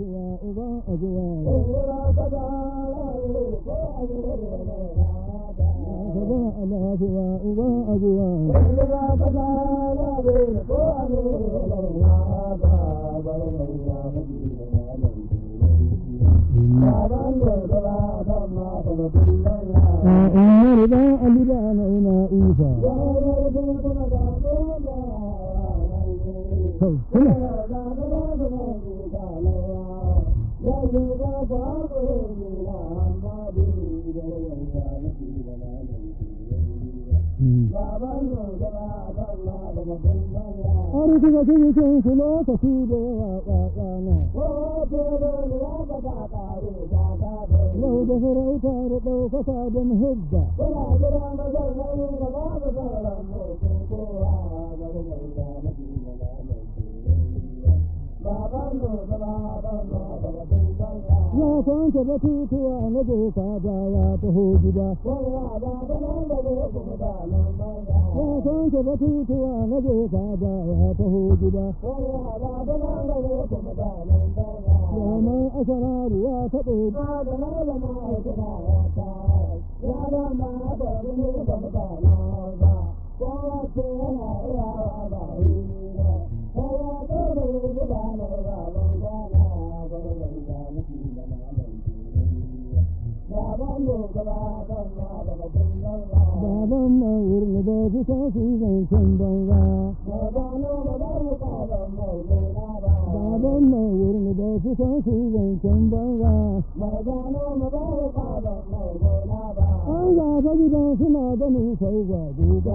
azuwa uba azuwa Baba alafuwa uba da Arti ga kiri kin su lokaci da yawa tsakana. Yau da farauta da ɗaukaka don hudda. Kuna jira mazaunin da babu zauren mutum kowa ga rubar da Ya kwanke batutuwa na gofa ba ya taho gida. Ya kwanke batutuwa na gofa ba ya taho gida. Ya mai asararu ya taɓo. Ya ba ma asararu ne ba mutane ba. Kowa ce yana iya wa ba ba mawur na ba su tasu ba banza. ba mawur na ba su ba zancen ba. An zafa gidan suna ganin sau ga duba.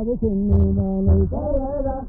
abu kunni na ne kare da ku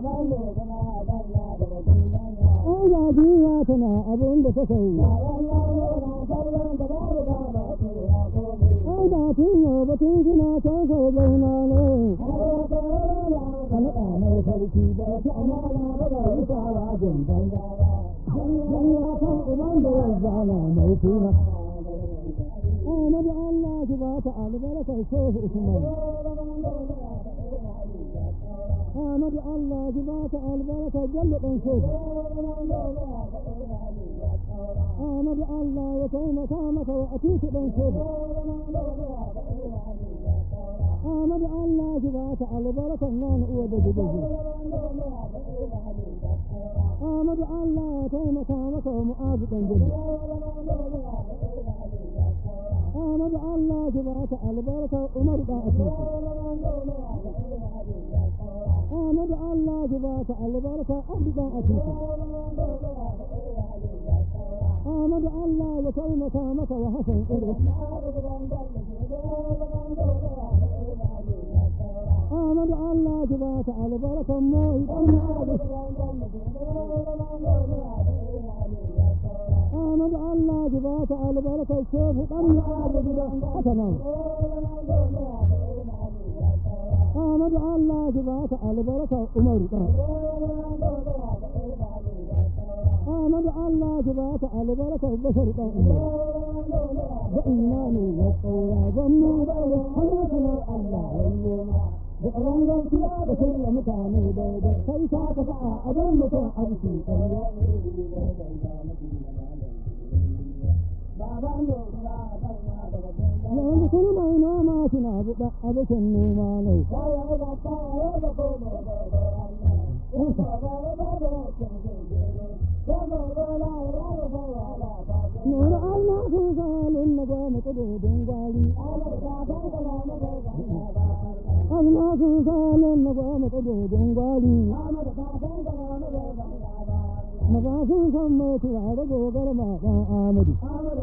Ai ga duniya tana abin da ta sauya. Ai ba tun yau ba tun gina ta sau zauna ne. Ka naɗa mai sarki ba ta amana ba da rufa ba jin banza ba. Dan ya san uban da wanzana mai suna. Ahmadu Allah ki ba ta albarkar Shehu Usman. احمد الله جبات البركة جل انشوف احمد الله وتعيم تامك واتيك انشوف احمد الله جبات البركة نان أود جبه احمد الله وتعيم تامك ومؤاب انجوف احمد الله جبات البركة أمر قاعد أحمد الله جباك البركة أبدا أتيك أحمد الله وكل مكانك وحسن إليك أحمد الله جباك البركة مويد أمعادك أحمد الله جباك البركة الشوف أمعادك حسنا Ahmadu Allah ki ba ka albarka Umaru ɗan. Ahmadu Allah ki ba albarka Bashar Da ina ne ya tsora zan mu da hannun kuma Allah ya yi mutane da ta ka suna buɗa abokan noma nau. Nuru Allah sun zalun na goma kudodin gwari. Allah sun zalun na goma kudodin gwari. Maza sun san mutuwa da gogar maɗan Amadu. Amadu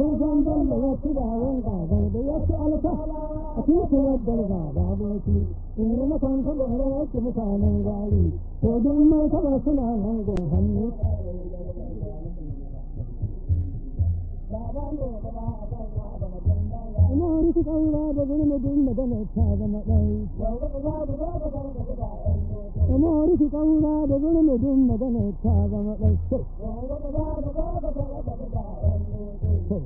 sun san da ya ci da hawan gaba da wasu alfa a cikin wadda gaba da shi in yi makon kaba da ya mutanen gari to don mai kaba suna nan gun hannu ina rufe ƙaura da zunubin da gane ta zama ɗai ina rufe ƙaura da da gane ta zama Ina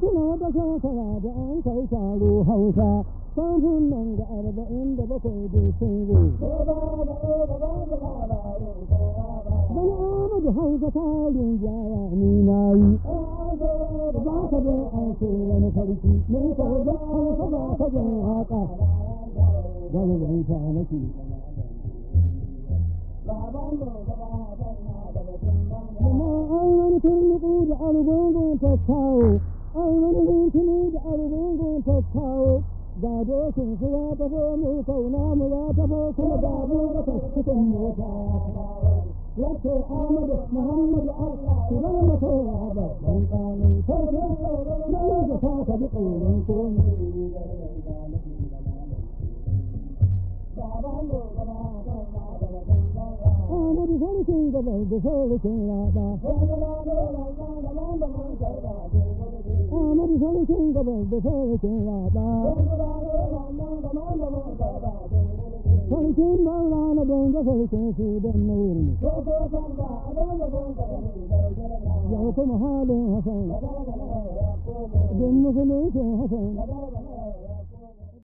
tuna wata shekara da an kai taro hausa kafin nan da arba'in da bakwai da sun zo. bana amadu hausa tarin jawa ni na yi za ka zo an ce wani farki mun ka zo hausa ba ka zo haka ba da rubuta nake kuma an wani turnuku da argungun ta kawo an wani da argungun ta kawo Gado sun su ya taho mu kauna mu ya taho da abubakar cikin mota. Wato Ahmadu Muhammadu Allah su zama masoya babban tsanin farko na yau da sa ka ji tsoron komai. Ahmadu sarkin gaba da sarkin raba. amadu sarkin gabas da sarkin yaba sarkin nan rana don sarkin su don na wurin kuma halin hasan don musulunci hasan